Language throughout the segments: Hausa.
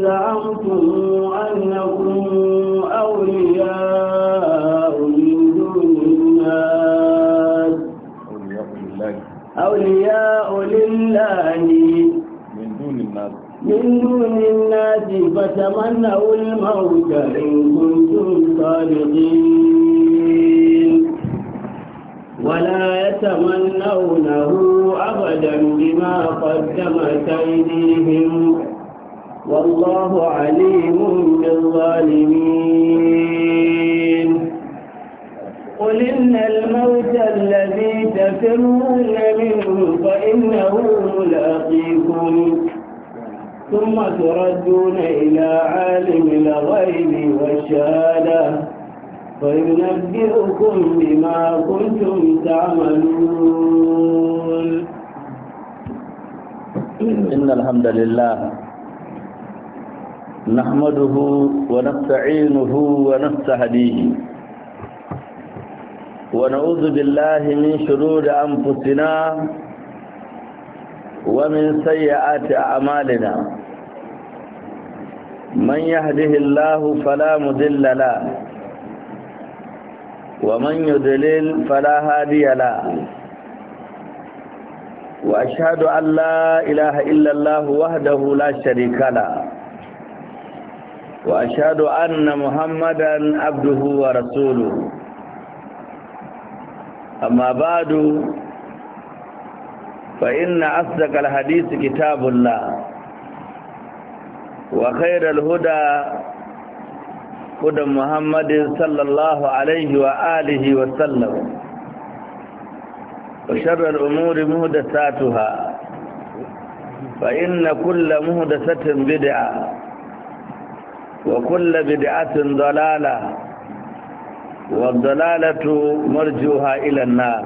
زعمتم أنكم أولياء من دون الناس أولياء لله من دون الناس من دون الناس فتمنوا الموت إن كنتم صادقين ولا يتمنونه أبدا بما قدمت أيديهم والله عليم بالظالمين قل إن الموت الذي تفرون منه فإنه ملاقيكم ثم تردون إلى عالم الغيب والشهادة فينبئكم بما كنتم تعملون إن الحمد لله نحمده ونستعينه ونستهديه ونعوذ بالله من شرور أنفسنا ومن سيئات أعمالنا من يهده الله فلا مذل له ومن يذلل فلا هادي له وأشهد أن لا إله إلا الله وحده لا شريك له وأشهد أن محمدا عبده ورسوله أما بعد فإن أصدق الحديث كتاب الله وخير الهدى هدى محمد صلى الله عليه وآله وسلم وشر الأمور مهدساتها فإن كل مهدسة بدعة وكل بدعة ضلالة والضلالة مرجوها إلى النار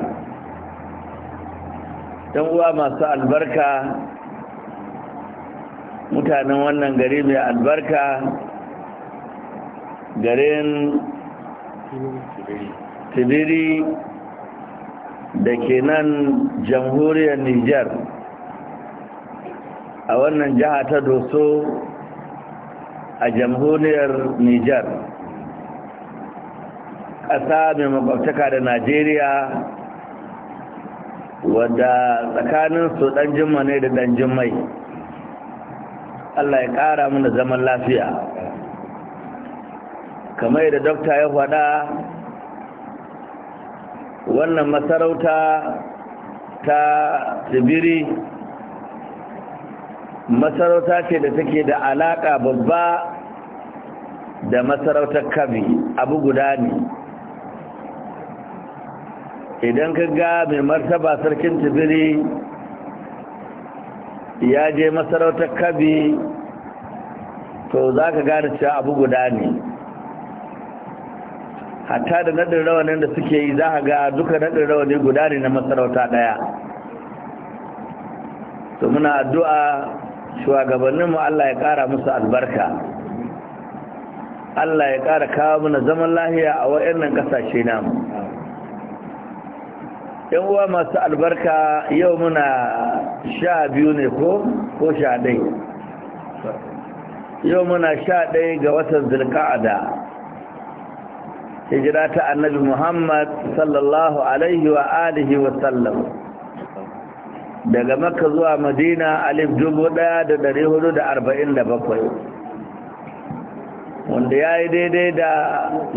تنوى masu albarka mutanen wannan gari mai albarka garin tibiri da ke nan jamhuriyar Nijar a wannan jiha ta doso a jamhuriyar Nijar ƙasa mai makwabtaka da Najeriya wadda tsakanin su ɗan jimma ne da ɗan jimmai Allah ya ƙara mana zaman lafiya kamar yadda dokta ya faɗa wannan masarauta ta tsibiri masarauta ce da take da alaƙa babba da masarautar kabi abu guda ne idan ka ga mai martaba sarkin tibiri ya je masarautar kabi to za ka gane cewa abu guda ne hatta da naɗin rawanin da suke yi za ka ga duka naɗin rawani guda ne na masarauta ɗaya, to muna addu'a shugabanninmu Allah ya ƙara musu albarka Allah ya ƙara kawo mana zaman lahiya a wa'annan ƙasashe namu yan uwa masu albarka yau muna sha biyu ne ko ko sha ɗai yau muna sha ɗai ga watan zulka'ada hijira ta annabi Muhammad sallallahu alaihi wa alihi wa sallam daga makka zuwa madina alif dubu ɗaya da dari hudu da arba'in da bakwai wanda ya yi daidai da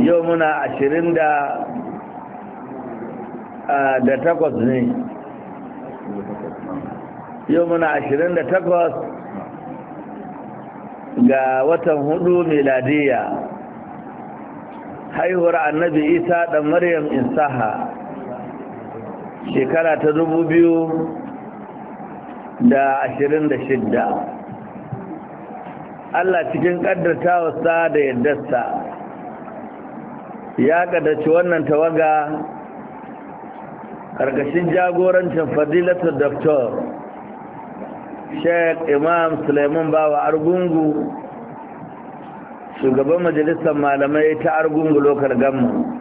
yau muna ashirin da da takwas ne yau muna ashirin da takwas ga watan hudu miladiya haihuwar annabi isa da maryam isaha shekara ta dubu biyu da ashirin da shidda Allah cikin wasa da yaddarsa ya ƙaddaci wannan tawaga ƙarƙashin jagorancin Fadilatar doktor sheik imam suleiman bawa argungu shugaban majalisar malamai ta argungu lokar gamu.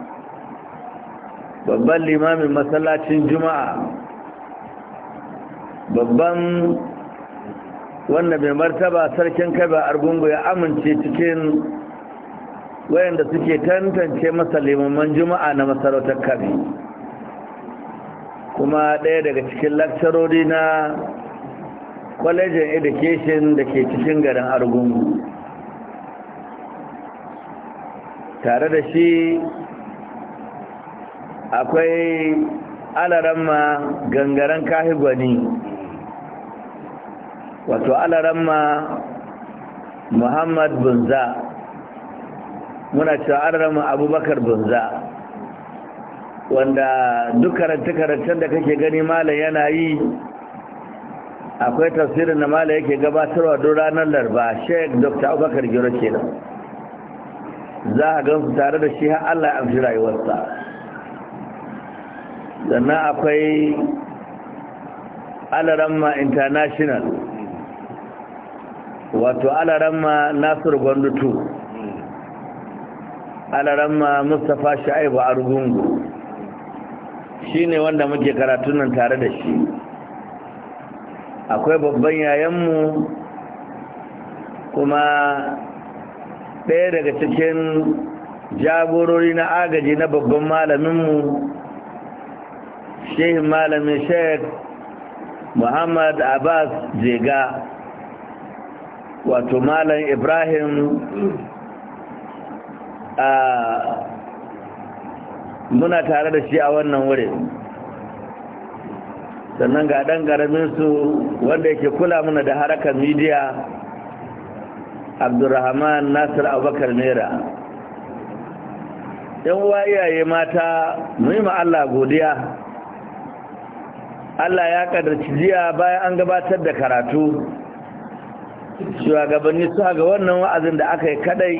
babban limamin masallacin juma'a babban wanda mai martaba sarkin kaba argungu ya amince cikin wayanda suke tantance masa limaman juma'a na masarautar kabi kuma ɗaya daga cikin lakcarori na kwalejin education da ke cikin garin argungu tare da shi akwai alaramma gangaren kahigwani wato alaramma muhammad bunza muna cewa alaramma abubakar bunza wanda duk karanta karancen da kake gani malam yana yi akwai tafsirin da malam yake gabatarwa don ranar larba sheik dr abubakar ke nan za a gansu tare da shi har allah ya amshi rayuwarsa sannan akwai alaramma international wato ma nasiru gwandutu ma mustapha sha'ibu argungu shi ne wanda muke karatun nan tare da shi akwai babban yayanmu kuma ɗaya daga cikin jagorori na agaji na babban malaminmu shehin malamin sheik muhammad abbas jega wato malam ibrahim a muna tare da shi a wannan wuri sannan ga ɗan su wanda yake kula muna da harakar midiya abdurrahman nasir abubakar Naira. yan uwa iyaye mata muhimmin allah godiya allah ya ƙadarci jiya bayan an gabatar da karatu shugabanni su ga wannan wa'azin da aka yi kadai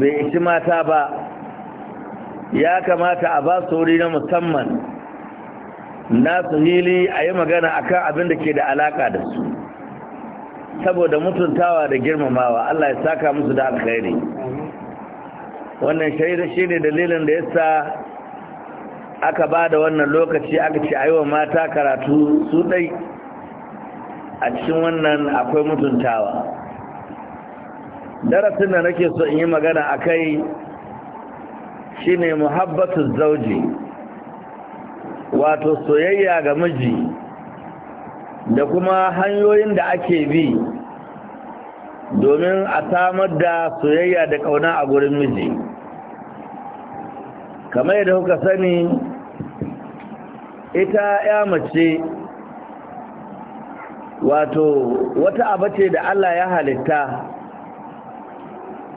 bai ishi mata ba ya kamata a ba su wuri na musamman nasu hili a yi magana akan abin da ke da alaka da su saboda mutuntawa da girmamawa Allah ya saka musu da alkhairi wannan shaida shi ne dalilin da ya sa aka ba da wannan lokaci aka ce a yi wa mata karatu su ɗai a cikin wannan akwai mutuntawa darasin da nake so in yi magana a kai shi ne muhabbatun zauji wato soyayya ga miji da kuma hanyoyin da ake bi domin a samar da soyayya da ƙauna a gurin miji kamar yadda kuka sani ita ya mace wato wata ce da Allah ya halitta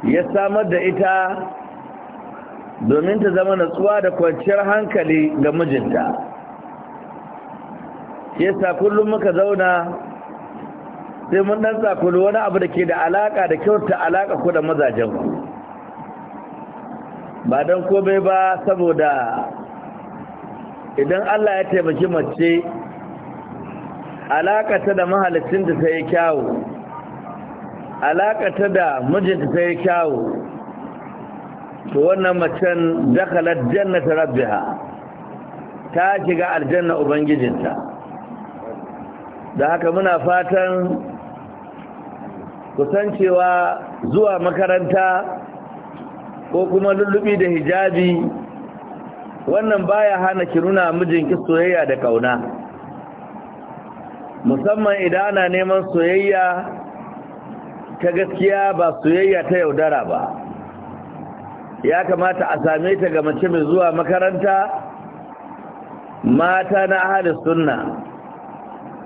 ya samar da ita domin ta zama natsuwa da kwanciyar hankali ga mijinta yasa kullum muka zauna sai mun dan tsakulu wani abu da ke da alaka da kyauta alaka ku da mazajen ku. ba don komai ba saboda idan Allah ya taimaki mace alaƙata da mahalicinta ta yi kyawu alaƙata da mijinta ta yi kyawu to wannan macen dakalar jannata rabbiha ta shiga aljanna ubangijinta da haka muna fatan kusancewa zuwa makaranta ko kuma lullubi da hijabi wannan baya hana ki nuna mijinki soyayya da ƙauna. musamman idan ana neman soyayya ta gaskiya ba soyayya ta yaudara ba ya kamata a same ta ga mace mai zuwa makaranta mata na ahalin sunna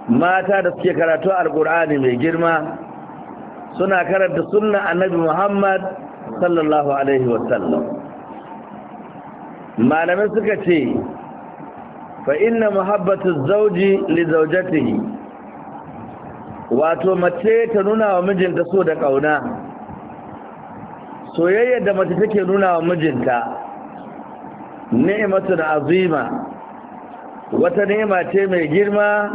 mata da suke karatu alkur'ani mai girma suna karanta sunna annabi muhammad sallallahu alaihi wasallam malamai suka ce fa inna muhabbatu zauji li zaujatihi wato mace ta nuna wa mijinta so da ƙauna soyayyar da mace take nuna wa mijinta ni'imatu na azima wata ni'ima ce mai girma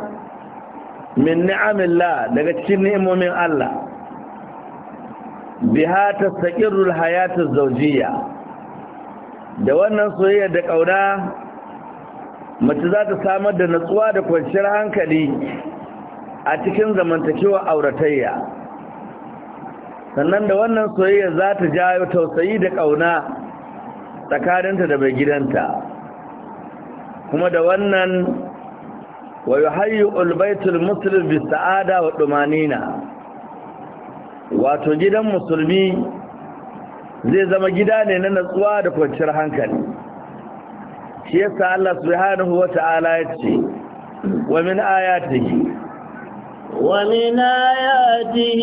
min ni'amillah daga cikin ni'imomin Allah biha tastaqirrul hayatar zawjiyya da wannan soyayya da ƙauna mace za ta samar da natsuwa da kwanciyar hankali a cikin zamantakewa auratayya sannan da wannan soyayya za ta jayo tausayi da ƙauna tsakaninta da mai gidanta kuma da wannan wa hayu ulbaitul musulun bi sa'ada wa ɗumanina wato gidan musulmi zai zama gida ne na natsuwa da kwanciyar hankali shi yasa Allah subhanahu ta'ala ya ce wa min ayatihi ومن آياته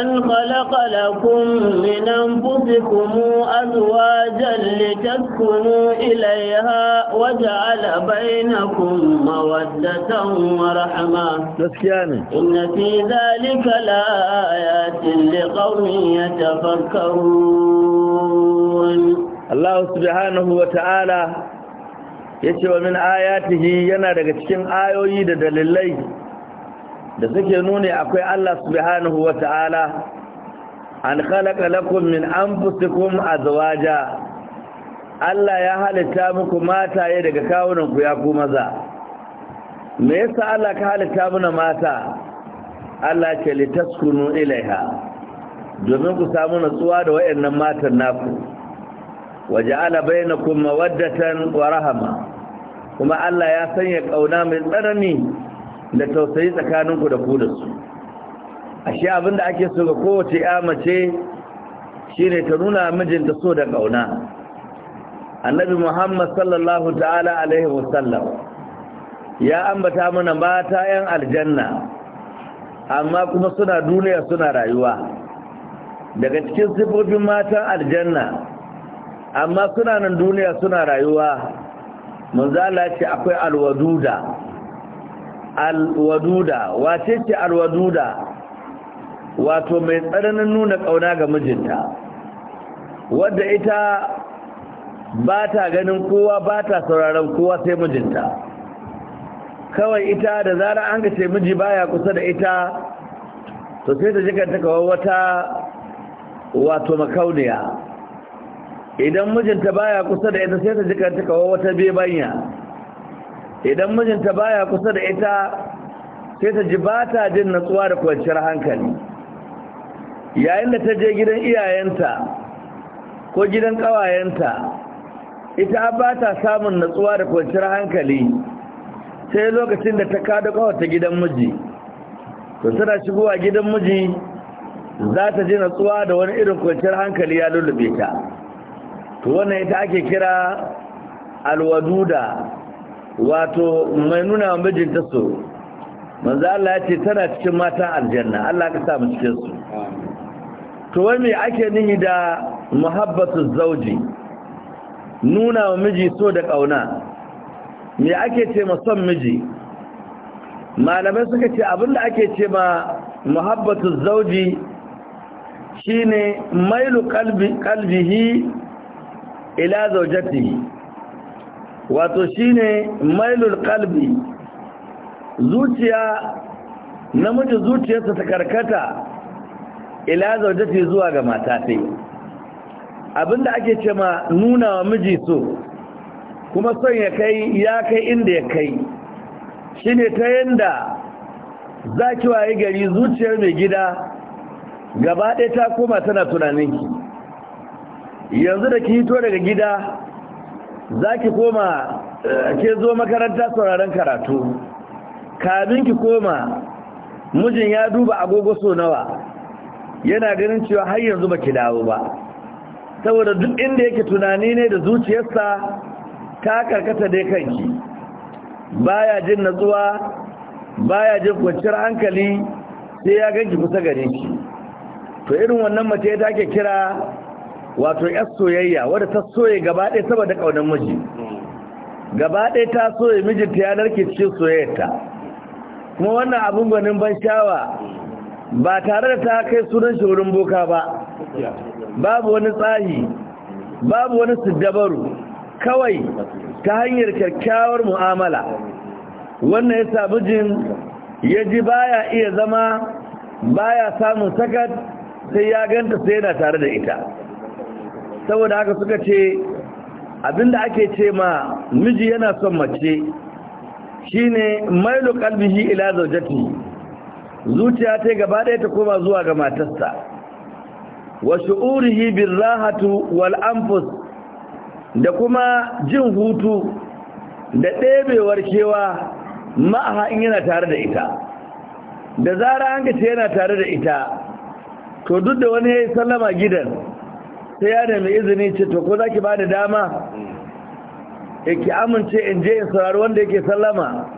أن خلق لكم من أنفسكم أزواجا لتسكنوا إليها وجعل بينكم مودة ورحمة إن في ذلك لآيات لقوم يتفكرون الله سبحانه وتعالى yace wa min ayatihi yana daga cikin ayoyi da dalilai da suke nune akwai Allah subhanahu wa ta'ala an khalaqa lakum min anfusikum azwaja Allah ya halitta muku mataye daga kawunan ya ku maza me yasa Allah ka halitta muna mata Allah ke litaskunu ilaiha domin ku samu natsuwa da wayannan matan naku waja'ala bainakum mawaddatan wa rahama kuma Allah ya sanya ƙauna mai tsanani da tausayi tsakaninku da ku da su ashe abinda ake so ga kowace ya mace ne ta nuna mijinta so da ƙauna annabi muhammad sallallahu ta'ala alaihi wasallam ya ambata mana mata yan aljanna amma kuma suna duniya suna rayuwa daga cikin sifofin matan aljanna amma suna nan duniya suna rayuwa manzo Allah ce akwai alwaduda alwaduda wace ce alwaduda wato mai tsananin nuna ƙauna ga mijinta wadda ita ba ta ganin kowa ba ta sauraron kowa sai mijinta kawai ita da zara an ga ce miji baya kusa da ita to sai ta jikanta kawai wata wato makauniya idan mijinta baya kusa da ita sai ta jikanta kawai wata bebanya idan mijinta baya kusa da ita sai ta ji ba ta jin natsuwa da kwanciyar hankali yayin da ta je gidan iyayenta ko gidan kawayenta, ita ba ta samun natsuwa da kwanciyar hankali sai lokacin da ta kada kawata gidan miji to tana shigowa gidan miji za ta ji natsuwa da wani irin kwanciyar hankali ya lullube ta to wannan ita ake kira alwaduda wato mai nuna wa mijinta su, manzo Allah ya ce tana cikin mata aljanna Allah ka sa mu cikin su to wai me ake nihi da muhabbatu zauji nuna wa miji so da kauna me ake ce ma son miji malamai suka ce abin abinda ake ce ma muhabbatu zauji shine mailu kalbihi qalbihi ila zawjatihi wato shine mailul qalbi zuciya namiji zuciyarsa ta karkata ila zaujati zuwa ga mata sai abinda ake cewa nuna wa miji so kuma son ya kai ya kai inda ya kai shine ta yanda zaki waye gari zuciyar mai gida gaba ɗaya ta koma tana tunaninki yanzu da ki hito daga gida za ki koma eh, ke zo makaranta sauraron karatu kamin ki koma mijin ya duba agogo so nawa yana ganin cewa har yanzu ba ki dawo ba saboda duk inda yake tunani ne da zuciyarsa ta karkata dai kanki baya jin natsuwa baya jin kwanciyar hankali sai ya ganki kusa gare shi to irin wannan mace ta ke kira wato yar soyayya wanda ta soye gaba saboda ƙaunar miji gaba ta soye mijinta ya narke cikin soyayyarta kuma wannan abin gwanin ban sha'awa ba tare da ta kai sunan shi wurin boka ba babu wani tsahi babu wani siddabaru kawai ta hanyar kyakkyawar mu'amala wannan ya sa mijin ya ji baya iya zama baya samun sakat sai ya ganta sai yana tare da ita saboda haka suka ce abinda ake ce ma miji yana son mace shine mailu qalbihi ila zawjati zuciya ta gaba ɗaya ta koma zuwa ga matarsa wa shu'urihi birrahatu wal anfus da kuma jin hutu da ɗebewar kewa ma'aha in yana tare da ita da zara an gace yana tare da ita to duk da wani ya yi sallama gidan sai ya nemi izini ce to ko za ki ba dama ya ki amince in je in saurari wanda yake sallama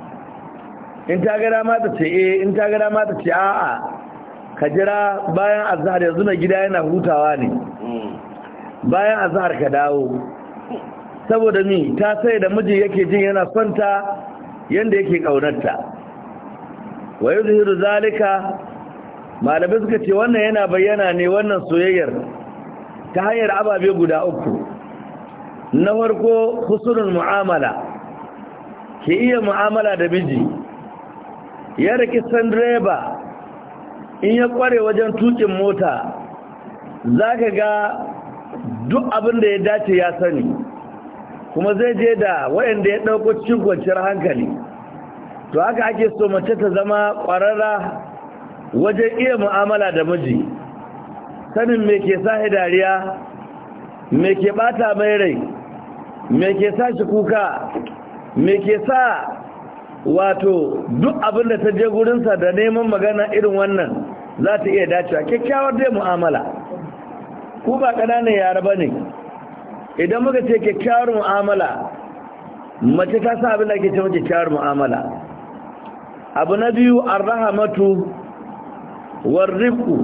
in ta gada mata ce eh in ta gada mata ce a'a ka jira bayan azhar yanzu na gida yana hutawa ne bayan azhar ka dawo saboda ni ta sai da miji yake jin yana kwanta ta yanda yake kaunarta wa yuzhiru zalika malabai suka ce wannan yana bayyana ne wannan soyayyar ta hanyar ababe guda uku na farko kusurun mu'amala ke iya mu'amala da miji ya riki san direba in ya kware wajen tukin mota za ka ga duk abin da ya dace ya sani kuma zai je da waɗanda ya ɗauko cikin kwanciyar hankali to haka ake so mace ta zama ƙwararra wajen iya mu'amala da miji sanin me ke sa dariya me ke bata mai rai me ke sa shi kuka me ke sa wato duk abin da ta je gurinsa da neman magana irin wannan za ta iya dacewa kyakkyawar dai mu'amala ku ba ƙananan yara ba ne idan muka ce kyakkyawar mu'amala mace ta sa abin da ake cewa kyakkyawar mu'amala abu na biyu arrahamatu warriku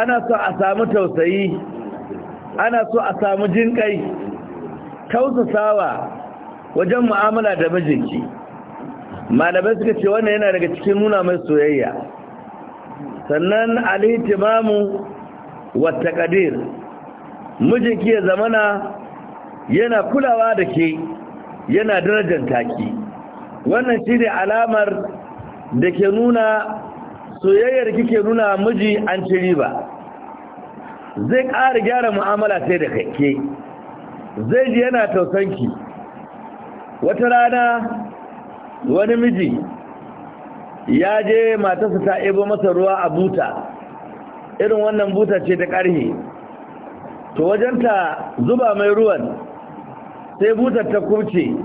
ana so a samu tausayi ana so a samu jinƙai tausasawa wajen mu'amala da mijinki malamai suka ce wannan yana daga cikin nuna mai soyayya sannan alhitimamu wata ƙadir mijinki ya zamana yana kulawa da ke yana darajar taki wannan shi ne alamar da ke nuna soyayyar kike nuna miji an ciri riba zai ƙara gyara mu'amala sai da kake zai ji yana tausanki wata rana wani miji ya je matarsa ta ebo masa ruwa a buta irin wannan buta ce ta ƙarhe to wajenta zuba mai ruwan sai butar ta kuce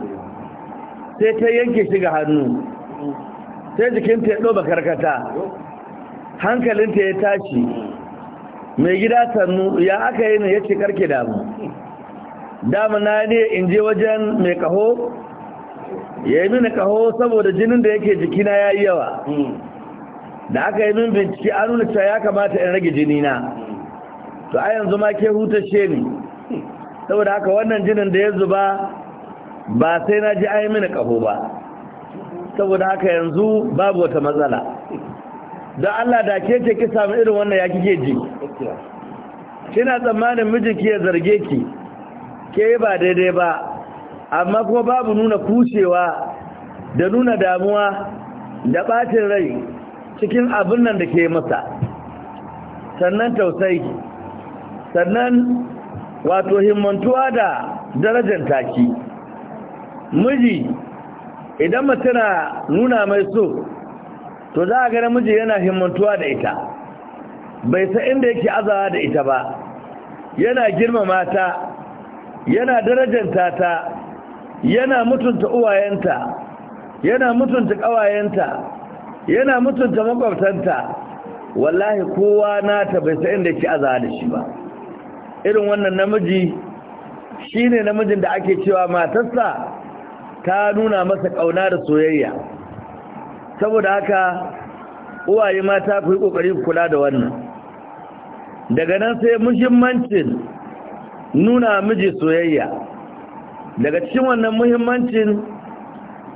sai ta yanke shiga hannu sai jikinta ya ɗoba karkata hankalinta ya tashi mai gida sannu ya aka yi ne ya ce karke damu Damu na ne in je wajen mai kaho ya yi mini kaho saboda jinin da yake jikina ya yi yawa da aka yi min bincike an nuna cewa ya kamata in rage jinina to a yanzu ma ke hutashe ni saboda haka wannan jinin da ya zuba ba sai na ji an yi mini kaho ba saboda haka yanzu babu wata matsala da Allah da ke ce ki samu irin wannan ya kike ji kina tsammanin mijinki ya zarge ki ke ba daidai ba amma kuma babu nuna kushewa da nuna damuwa da ɓacin rai cikin abin nan da ke masa sannan tausayi sannan wato himmantuwa da darajar taki miji idan mace nuna mai so to za a ga namiji yana himmantuwa da ita bai sa inda yake azawa da ita ba yana girmama ta yana darajanta ta yana mutunta uwayenta yana mutunta ƙawayenta yana mutunta makwabtanta wallahi kowa nata bai san inda yake azawa da shi ba irin wannan namiji shine namijin da ake cewa matarsa ta nuna masa ƙauna da soyayya saboda haka uwaye mata ku yi ƙoƙari kula da wannan daga nan sai muhimmancin nuna miji soyayya daga cikin wannan muhimmancin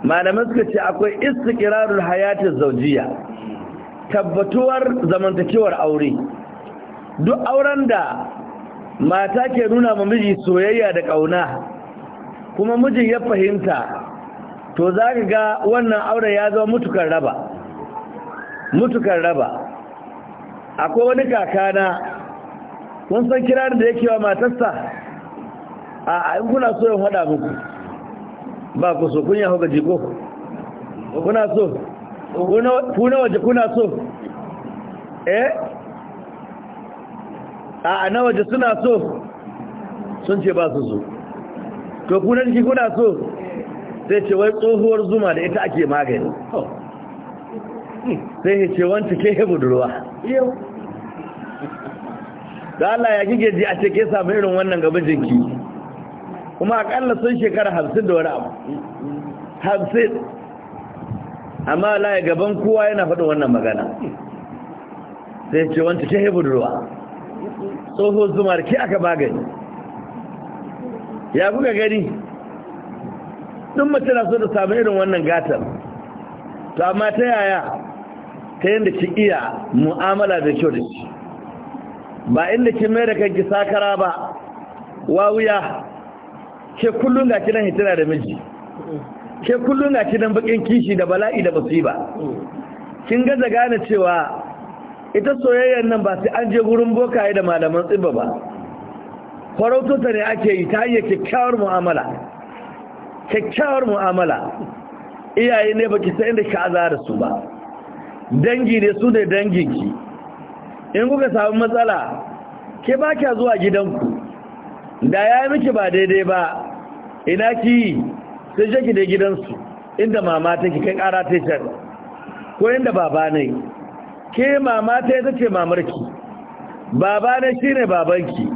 malamai suka ce akwai istiqrarul hayatin zawjiyya tabbatuwar zamantakewar aure duk auren da mata ke nuna ma miji soyayya da ƙauna kuma mijin ya fahimta to za ka ga wannan auren ya zama mutukar raba mutukar raba akwai wani kakana kun san kirar da yake wa matarsa a in kuna so yin hada muku ba ku so kun yahu gaji ko kuna so kuna waje kuna so eh a na waje suna so sun ce ba su so to kuna jiki kuna so sai ce wai tsohuwar zuma da ita ake magani sai ce wanci ke budurwa da Allah ya kike ji a ce ke samu irin wannan gaban jinki kuma akalla sun shekara hamsin da wani abu hamsin amma la ya gaban kowa yana faɗin wannan magana sai ce wanci ke budurwa tsohuwar zuma da ke aka magani ya kuka gani duk mace na so da samu irin wannan gatar to amma ta yaya ta yadda ki iya mu'amala da kyau da shi ba inda ki mai da kanki sakara ba wawuya ke kullum ga kinan hitina da miji ke kullum ga kinan bakin kishi da bala'i da musiba kin gaza gane cewa ita soyayyar nan ba sai an je gurin bokaye da malaman tsibba ba farauto ta ne ake yi ta hanyar kyakkyawar mu'amala kyakkyawar mu'amala iyaye ne baki san inda ka azara su ba dangi ne su ne danginki in kuka samu matsala ke ba ka zuwa gidanku da ya yi miki ba daidai ba ina ki sai shaki da gidansu inda mama take kai kara ta can ko inda baba ne ke mama ta yi ce mamarki baba ne shine babanki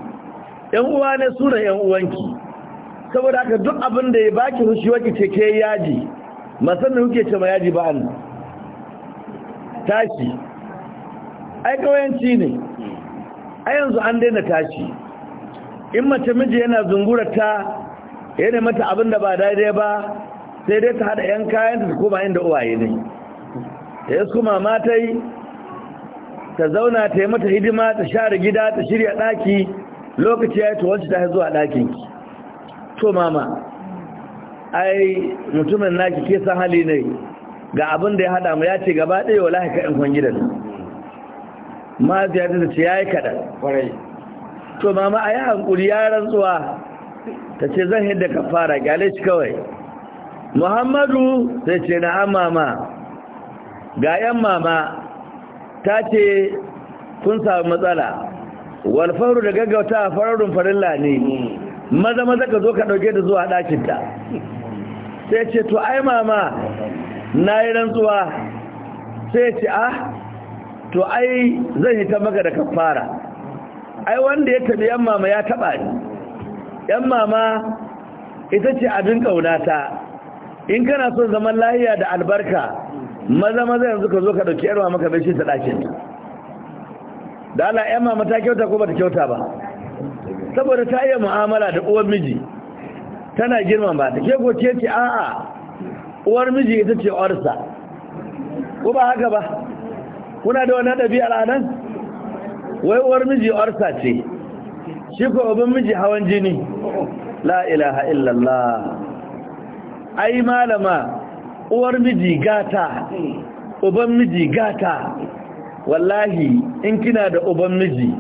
yan uwa ne su da yan uwanki saboda haka duk abin da ya baki rushi wake ce ke yaji masan da kuke ce ma yaji ba ne. tashi ai kawayanci ne a yanzu an daina tashi in mace miji yana zungurata yana mata abin da ba daidai ba sai dai ta hada yan kayan ta koma inda uwaye ne ya su kuma ta ta zauna ta yi mata hidima ta share gida ta shirya daki lokaci ya yi tuwanci ta zuwa dakinki to mama ai mutumin naki ke san hali ne ga abin da ya hada mu ya ce gaba ɗaya wallahi ka in kun gidan ma ya ta ce yayi kada kwarai to mama ai hankuri ya rantsuwa ta ce zan hidda ka fara gyale shi kawai muhammadu sai ce na mama ga yan mama ta ce kun samu matsala walfaru da gaggauta fararun farilla ne maza maza ka zo ka ɗauke da zuwa ɗakinta sai ce to ai mama na yi rantsuwa sai ce ah to ai zan hita maka da kafara ai wanda ya tabi yan mama ya taɓa ni yan mama ita ce abin ƙaunata in kana son zaman lahiya da albarka maza maza yanzu ka zo ka ɗauki mama ka bai shi ta ɗakin da ala yan mama ta kyauta ko ba ta kyauta ba saboda ta iya mu'amala da uwar miji tana girman ba ta kego ce ce a'a uwar miji ita ce uwarsa ko ba haka ba kuna da wani ɗabi'ar anan wai uwar miji uwarsa ce shi ko uban miji hawan jini la ilaha illallah ai malama uwar miji gata uban miji gata wallahi in kina da uban miji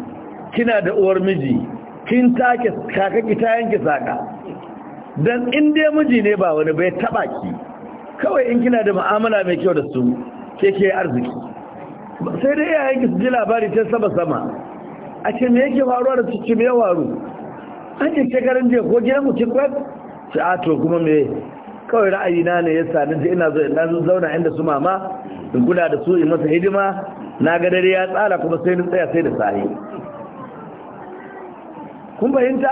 kina da uwar miji kin take kakaki ta yanke saka dan in dai miji ne ba wani bai taba ki kawai in kina da mu'amala mai kyau da su ke ke arziki sai dai yayin ki ji labari ta saba sama a ce me yake faruwa da cikin me waru an ce garin jiya ko gidan mu kin kwat ci a to kuma me kawai ra'ayi na ne yasa na je ina zo ina zauna inda su mama in kula da su in masa hidima na ga dare ya tsala kuma sai ni tsaya sai da sahi kun fahimta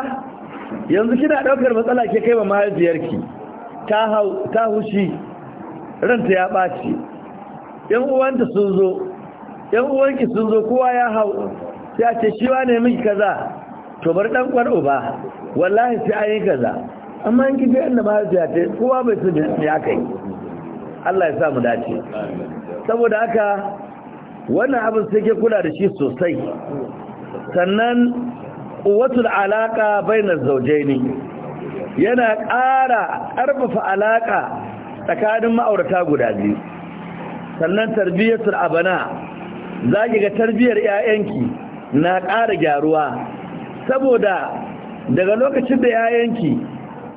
yanzu kina daukar matsala ke kai ma mahaifiyarki ta hau hushi ranta ya ɓaci yan uwanta sun zo yan uwanki sun zo kowa ya hau sai a ce wa ne miki kaza to bar dan kwar uba wallahi sai an kaza amma in kike inda mahaifiya ta kowa bai su ne aka yi Allah ya sa mu dace saboda haka wannan abin sai ke kula da shi sosai sannan kuwatul alaka bainar zaujaini yana ƙara ƙarfafa alaka tsakanin ma'aurata guda biyu sannan tarbiyyatul abana za ki ga tarbiyyar 'ya'yanki na ƙara gyaruwa saboda daga lokacin da 'ya'yanki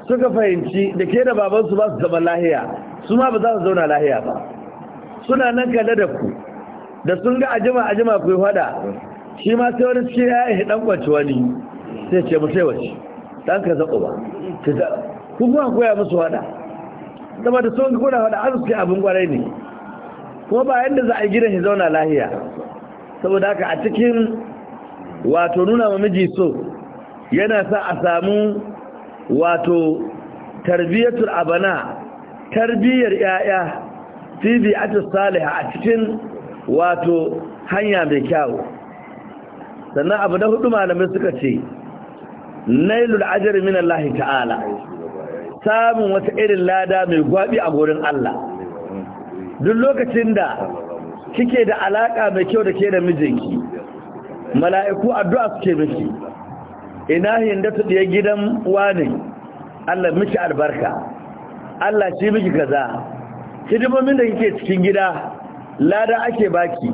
suka fahimci da ke da babansu ba su zama lahiya su ma ba za su zauna lahiya ba suna nan kalle da ku da sun ga ajima ajima ku yi hada shi ma sai wani cikin ya yi dan kwanci wani sai ce musai wace dan ka zaɓo ba ta za kuma koya musu wada zama da sun kuna wada an suke abin kwarai ne kuma ba yadda za a gina shi zauna lahiya saboda haka a cikin wato nuna ma miji so yana sa a samu wato tarbiyyatul abana tarbiyyar yaya fi bi'atus salihah a cikin wato hanya mai kyau sannan abu na hudu malamai suka ce nailul ajr min Allah ta'ala samun wata irin lada mai gwabi a gurin Allah duk lokacin da kike da alaka mai kyau da ke da mijinki mala'iku addu'a suke miki ina hinda su diya gidan wani Allah miki albarka Allah shi miki kaza hidimomin da kike cikin gida lada ake baki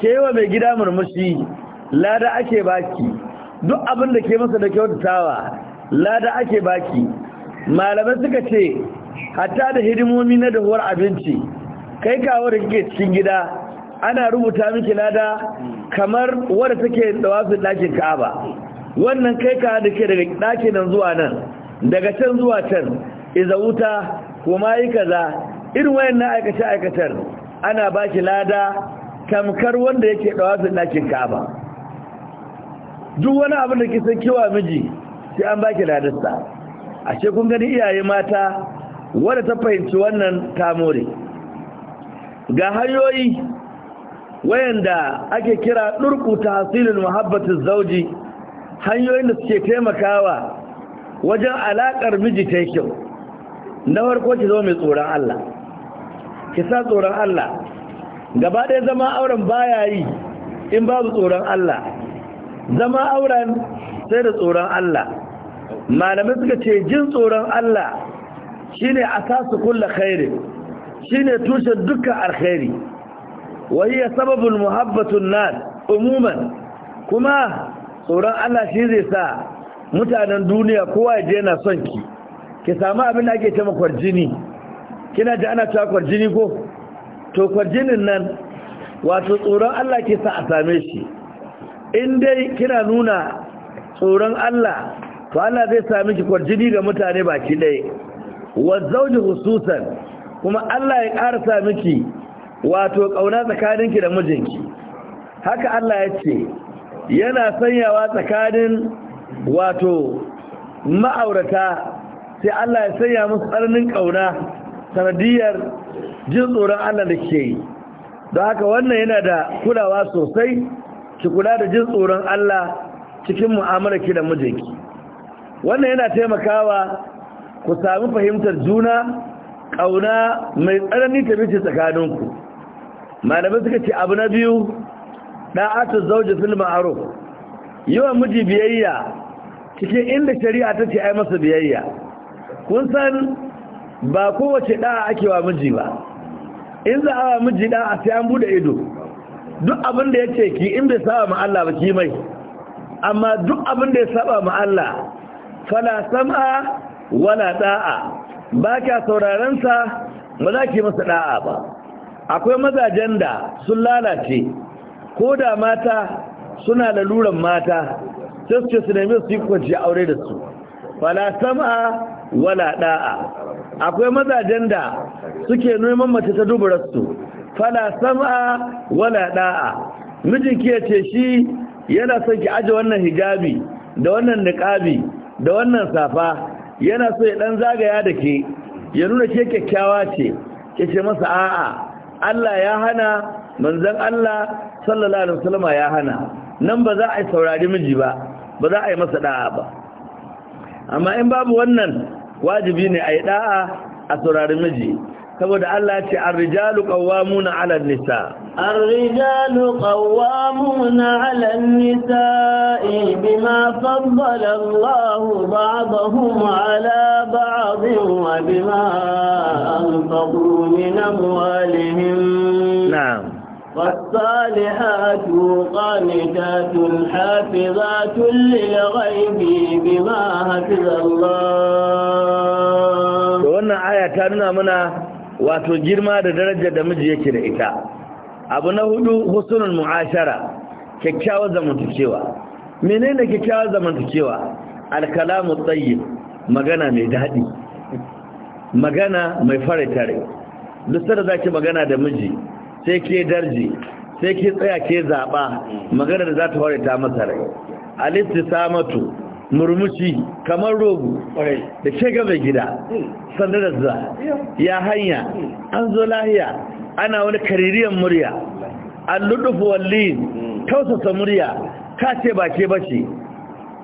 kewa mai gida murmushi lada ake baki duk abin da ke masa da kyautatawa lada ake baki malamai suka ce hatta da hidimomi na dahuwar abinci kai kawo da kike cikin gida ana rubuta miki lada kamar wadda take dawafin dakin ka'aba wannan kai ka da ke daga dakin nan zuwa nan daga can zuwa can iza wuta kuma yi kaza irin wayanna aikace aikatar ana baki lada tamkar wanda yake dawa su dakin ka'aba duk wani abin da kisan kiwa miji sai an baki ladarsa ashe kun gani iyaye mata wadda ta fahimci wannan tamore ga hanyoyi wayanda ake kira ɗurku ta hasilin muhabbatin zauji hanyoyin da suke taimakawa wajen alaƙar miji ta kyau na farko ki zo mai tsoron Allah ki sa tsoron Allah gaba ɗaya zama auren baya yi in babu tsoron Allah zama auren sai da tsoron Allah malamai suka ce jin tsoron Allah shine asasu kullu khairin shine tushen dukkan alkhairi wa ya sababul muhabbatun nas umuman kuma tsoron Allah shi zai sa mutanen duniya kowa ya je yana son ki ki samu abin da ake makwar jini? kina ji ana cewa jini ko to kwar jinin nan wato tsoron Allah ke sa a same shi in dai kina nuna tsoron Allah to Allah zai sami ki kwarjini ga mutane baki ɗaya wa zauji hususan kuma Allah ya ƙarsa miki wato ƙauna tsakaninki da mijinki haka Allah ya ce yana sanyawa tsakanin wato ma'aurata sai Allah ya sanya musu tsarnin ƙauna sanadiyar jin tsoron Allah da ke yi don haka wannan yana da kulawa sosai ki kula da jin tsoron Allah cikin mu'amala ki da mijinki wannan yana taimakawa ku sami fahimtar juna kauna mai tsanani ta bice tsakaninku malamai suka ce abu na biyu da da'atu zawji fil ma'ruf yawan miji biyayya cikin inda shari'a ta ce ai masa biyayya kun san ba kowace da'a ake wa miji ba in za a wa miji da'a sai an bude ido duk abin da ya ce ki in bai saba ma Allah ba ki mai amma duk abin da ya saba ma Allah fala sam'a wala da'a ba kya sauraron sa ba za ki masa da'a ba akwai mazajen da sun lalace ko da mata suna laluran mata sai su ce su nemi su yi kwanci aure da su fala sam'a wala da'a akwai mazajen da suke neman mace ta duburarsu fala sam'a wala da'a mijinki ya ce shi yana son ki aje wannan hijabi da wannan niqabi da wannan safa yana so ya dan zagaya da ke ya nuna ke kyakkyawa ce ke ce masa a'a Allah ya hana manzon Allah sallallahu alaihi wasallam ya hana nan ba za a yi saurari miji ba ba za a yi masa da'a ba amma in babu wannan wajibi ne a yi da'a a saurari miji saboda Allah ce ar-rijalu qawwamuna 'ala an-nisa ar-rijalu qawwamuna 'ala an-nisa'i bima faddala Allahu ba'dahum 'ala ba'din wa bima anfaqu min amwalihim na'am والصالحات قانتات حافظات للغيب بما حفظ الله wannan aya ta nuna mana wato girma da daraja da miji yake da ita abu na hudu husnul mu'ashara kyakkyawar zamantakewa menene kyakkyawar zamantakewa alkalamu tsayi magana mai daɗi magana mai fara tare duk da zaki magana da miji sai ke darji sai ke tsaya ke zaɓa magana da za ta fara ta masa rai alistisamatu murmushi kamar rogo da ke gaba gida hmm. sandarar za ya hanya hmm. an zo lahiya ana wani kaririyar murya an ludufu walli hmm. tausasa murya ka ce ba ke bace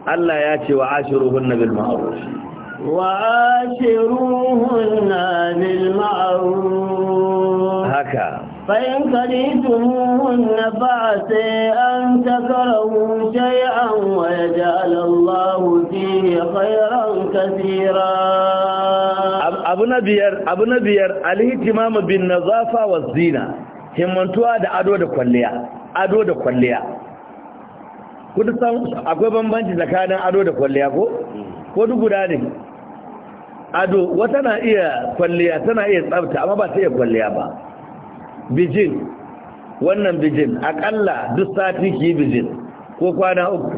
Allah ya ce wa ashiruhun na bil ma'aruf wa ashiruhun na bil haka فإن كرهتموهن فعسى أن تكرهوا شيئا ويجعل الله فيه خيرا كثيرا abu na biyar abu na biyar alhitimamu bin nazafa wa zina himmantuwa da ado da kwalliya ado da kwalliya kudu san akwai bambanci tsakanin ado da kwalliya ko ko duk guda ne ado wata na iya kwalliya tana iya tsafta amma ba ta iya kwalliya ba bijin wannan bijin akalla duk sati ki yi bijin ko kwana uku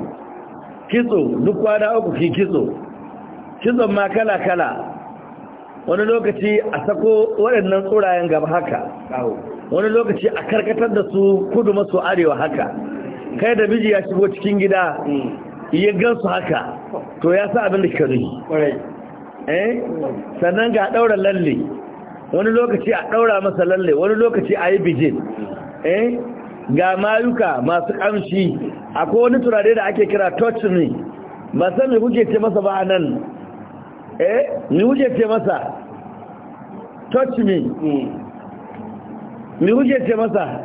kitso duk kwana uku ki kitso kitson ma kala-kala wani lokaci a sako waɗannan tsurayen gaba haka wani lokaci a karkatar da su kudu maso arewa haka kai da miji ya shigo cikin gida mm. ya gansu haka to ya sa abin da ka eh? sannan ga ɗaura lalle wani lokaci a ɗaura masa lalle wani lokaci a yi bijin eh ga mayuka masu ƙamshi akwai wani turare da ake kira touch me ba san me kuke ce masa ba nan eh me kuke ce masa touch me me kuke ce masa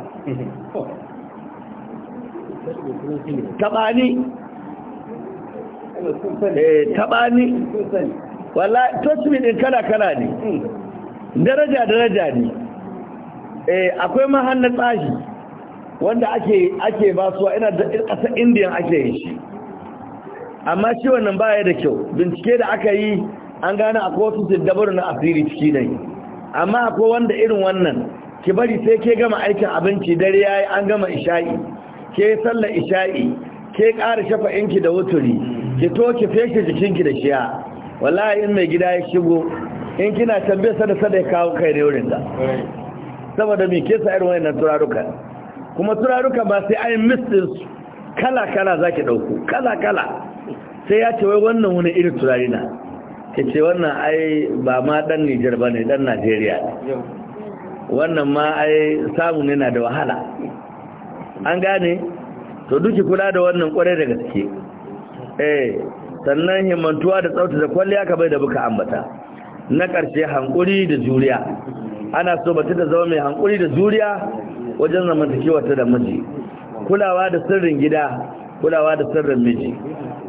tabani eh tabani wallahi touch me din kala kala ne daraja daraja ne eh akwai mahanna tsahi wanda ake ake basuwa ina da ƙasar indiya ake yin shi amma shi wannan baya da kyau bincike da aka yi an gane akwai wasu siddabar na asiri ciki ne amma akwai wanda irin wannan ki bari sai ke gama aikin abinci dare yayi an gama isha'i ke sallar isha'i ke ƙara shafa'inki da wuturi ki to ki feshe jikinki da shiya wallahi in mai gida ya shigo in kina tambayar sa da sada ya kawo kai da wurin saboda me ke sa irin wannan turaruka kuma turaruka ba sai ai mistin kala kala zaki dauko kala kala sai ya ce wai wannan wani irin turari na ke ce wannan ai ba ma dan Nijar bane dan Nigeria wannan ma ai samu ne na da wahala an gane to duki kula da wannan kwarai da gaske eh sannan himmantuwa da tsauta da kwalliya ka bai da buka ambata na ƙarshe hankuri da juriya ana so mace ta zama mai hankuri da juriya wajen zamantakewa ta da miji kulawa da sirrin gida kulawa da sirrin miji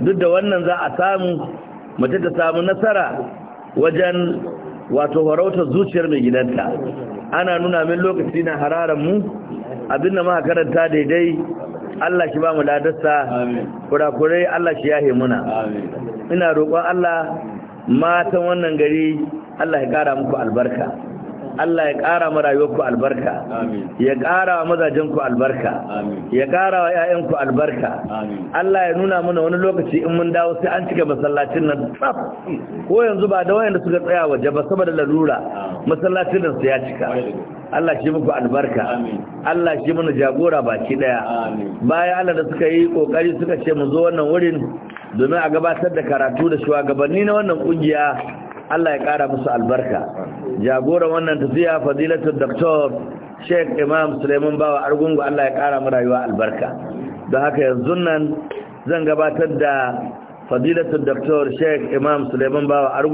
duk da wannan za a samu mace ta samu nasara wajen wato harautar zuciyar mai gidanta ana nuna min lokaci na hararan mu abin da muka karanta daidai Allah shi ba mu ladarsa kurakurai Allah shi yahe muna ina roƙon Allah matan wannan gari Allah ya kara muku albarka Allah ya kara ma rayuwarku albarka ya kara wa mazajenku albarka ya ƙara wa 'ya'yanku albarka Allah ya nuna mana wani lokaci in mun dawo sai an cika masallacin nan ko yanzu ba da wayanda suka tsaya waje ba saboda lalura masallacin nan ya cika Allah shi muku albarka Allah shi mana jagora baki ɗaya bayan Allah da suka yi kokari suka ce mu zo wannan wurin domin a gabatar da karatu da shugabanni na wannan kungiya Allah ya kara musu albarka jagora wannan tafiya fadilatul doctor Sheikh Imam Suleiman Bawa Argungu Allah ya kara mu rayuwa albarka don haka yanzu nan zan gabatar da fadilatul doctor Sheikh Imam Suleiman Bawa Argungu